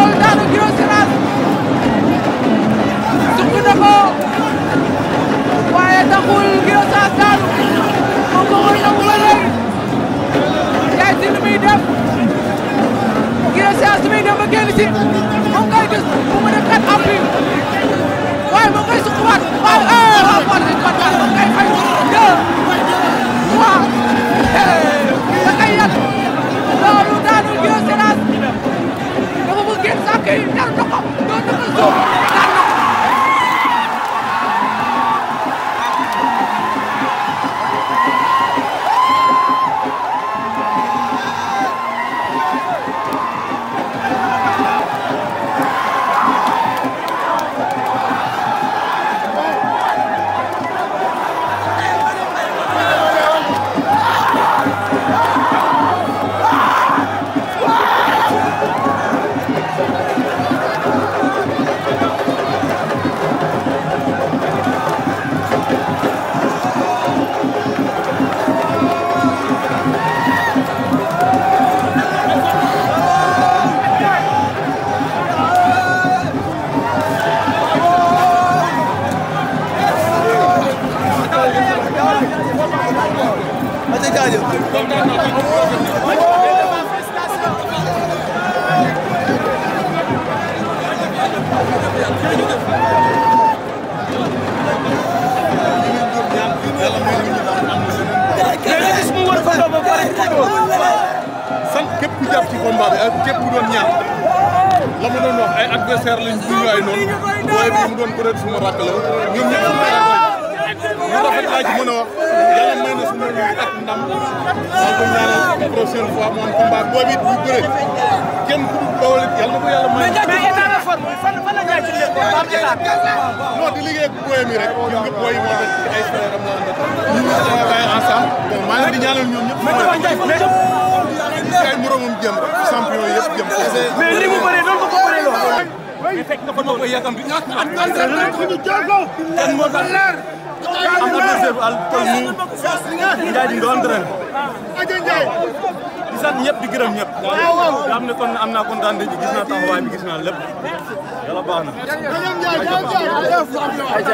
loolu daanu Guiro Seras sukk na ko waaye taxul Guiro Seras daanu moom bëggoon na ko ba léegi yaay si lu muy def Guiro Seras su muy def ba génn si moom ngay gis mu mën a kat appui ca jaajëf sant képp ku jàpp ci combat bi ak képp ku doon ñaan la mu doon wax ay adversaire lañ duñu ay noonu waaye bi mu doon peut-être suma rakk la ñoom ñëpp laa ci mën a wax yàlla may na suñu ñuy ak ndam maa ko ñaanal prochaine fois mu am combat boobu it bu bëre kenn ku dul bawal it yàlla na ko yàlla may. mais yéen aana forme bi fan fan la ñu ci lépp am ci non di liggéey ak booy mi rek gis nga booy yi moo nekk ci ay frère am laa nekk. ñu ngi travaillé ensemble bon maa ngi di ñaanal ñoom ñëpp. mais Tafa Ndiaye mais ñëpp. ay moromam jëm champion yëpp jëm. mais li mu bëree noonu ko ko bëree loo. mais fekk nga ko ma koy yàggam bi. an an an an an heure bu àll toll nii Ndiaye di nga entraîné di sant ñëpp di gërëm ñëpp. nga xam ne kon am naa kontaan gis naa taxawaay bi gis lépp